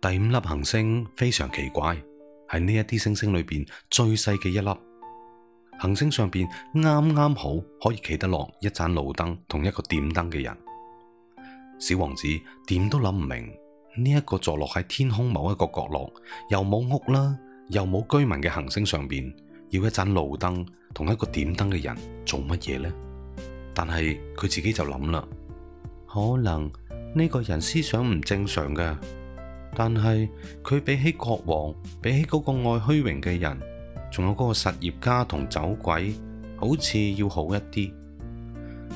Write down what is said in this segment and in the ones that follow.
第五粒行星非常奇怪，係呢一啲星星裏邊最細嘅一粒行星上邊，啱啱好可以企得落一盞路燈同一個點燈嘅人。小王子點都諗唔明呢一個坐落喺天空某一個角落，又冇屋啦，又冇居民嘅行星上邊，要一盞路燈同一個點燈嘅人做乜嘢咧？但係佢自己就諗啦，可能呢個人思想唔正常嘅。但係佢比起國王，比起嗰個愛虛榮嘅人，仲有嗰個實業家同酒鬼，好似要好一啲。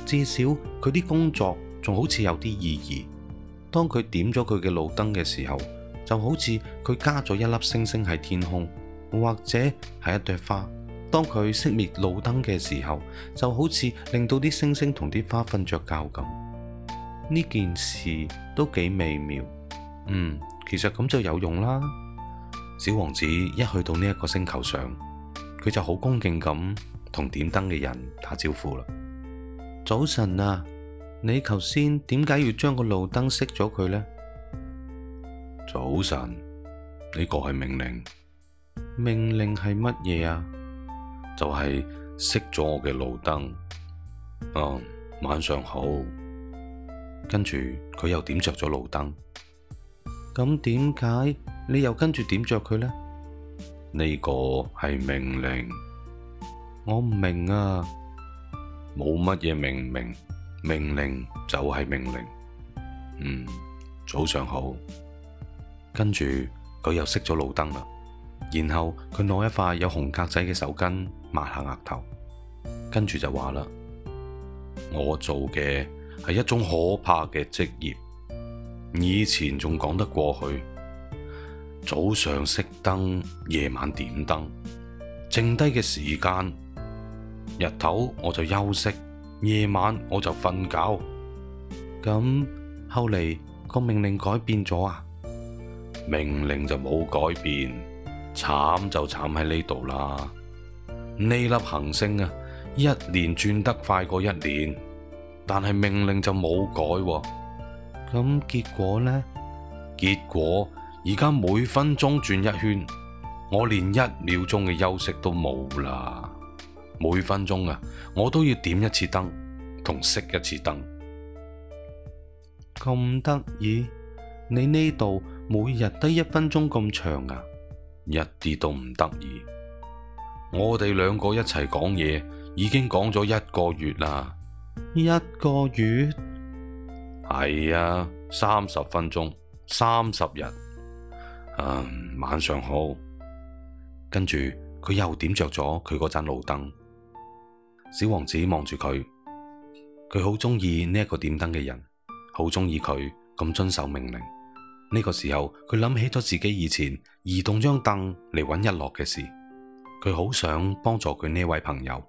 至少佢啲工作仲好似有啲意義。當佢點咗佢嘅路燈嘅時候，就好似佢加咗一粒星星喺天空，或者係一朵花。當佢熄滅路燈嘅時候，就好似令到啲星星同啲花瞓着覺咁。呢件事都幾微妙，嗯。其實咁就有用啦。小王子一去到呢一個星球上，佢就好恭敬咁同點燈嘅人打招呼啦。早晨啊，你頭先點解要將個路燈熄咗佢呢？早晨，呢個係命令。命令係乜嘢啊？就係熄咗我嘅路燈。嗯，晚上好。跟住佢又點着咗路燈。咁點解你又跟住點着佢呢？呢個係命令，我唔明啊！冇乜嘢命令。命令就係命令。嗯，早上好。跟住佢又熄咗路燈啦，然後佢攞一塊有紅格仔嘅手巾抹下額頭，跟住就話啦：我做嘅係一種可怕嘅職業。以前仲講得過去，早上熄燈，夜晚點燈，剩低嘅時間，日頭我就休息，夜晚我就瞓覺。咁後嚟個命令改變咗啊？命令就冇改變，慘就慘喺呢度啦。呢粒行星啊，一年轉得快過一年，但係命令就冇改喎。咁、嗯、結果呢？結果而家每分鐘轉一圈，我連一秒鐘嘅休息都冇啦。每分鐘啊，我都要點一次燈同熄一次燈。咁得意？你呢度每日得一分鐘咁長啊？一啲都唔得意。我哋兩個一齊講嘢，已經講咗一個月啦。一個月？係啊，三十、哎、分鐘，三十日。嗯、啊，晚上好。跟住佢又點着咗佢嗰盞路燈。小王子望住佢，佢好中意呢一個點燈嘅人，好中意佢咁遵守命令。呢、這個時候，佢諗起咗自己以前移動張凳嚟搵日落嘅事，佢好想幫助佢呢位朋友。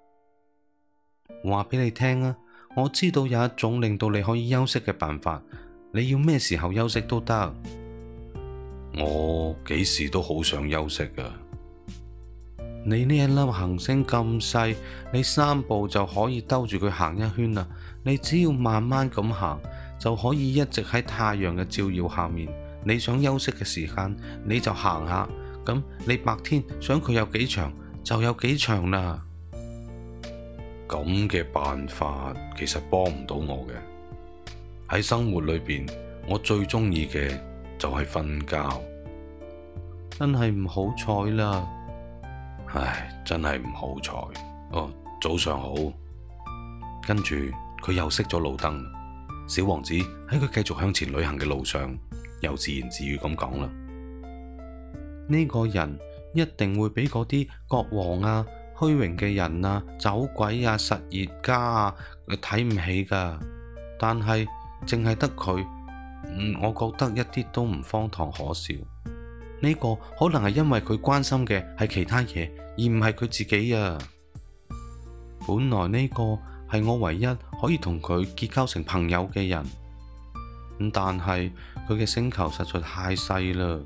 話俾你聽啊！我知道有一種令到你可以休息嘅辦法，你要咩時候休息都得。我幾時都好想休息㗎。你呢一粒行星咁細，你三步就可以兜住佢行一圈啦。你只要慢慢咁行，就可以一直喺太陽嘅照耀下面。你想休息嘅時間，你就行下。咁你白天想佢有幾長，就有幾長啦。咁嘅辦法其實幫唔到我嘅。喺生活裏邊，我最中意嘅就係瞓覺，真係唔好彩啦！唉，真係唔好彩。哦，早上好。跟住佢又熄咗路燈。小王子喺佢繼續向前旅行嘅路上，又自言自語咁講啦。呢個人一定會俾嗰啲國王啊！虛榮嘅人啊、走鬼啊、實業家啊，睇唔起㗎。但係淨係得佢，嗯，我覺得一啲都唔荒唐可笑。呢個可能係因為佢關心嘅係其他嘢，而唔係佢自己啊。本來呢個係我唯一可以同佢結交成朋友嘅人，咁但係佢嘅星球實在太細啦，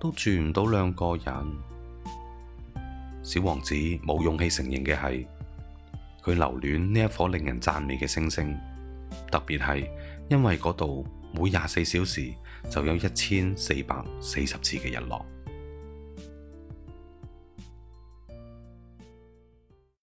都住唔到兩個人。小王子冇勇氣承認嘅係，佢留戀呢一顆令人讚美嘅星星，特別係因為嗰度每廿四小時就有一千四百四十次嘅日落。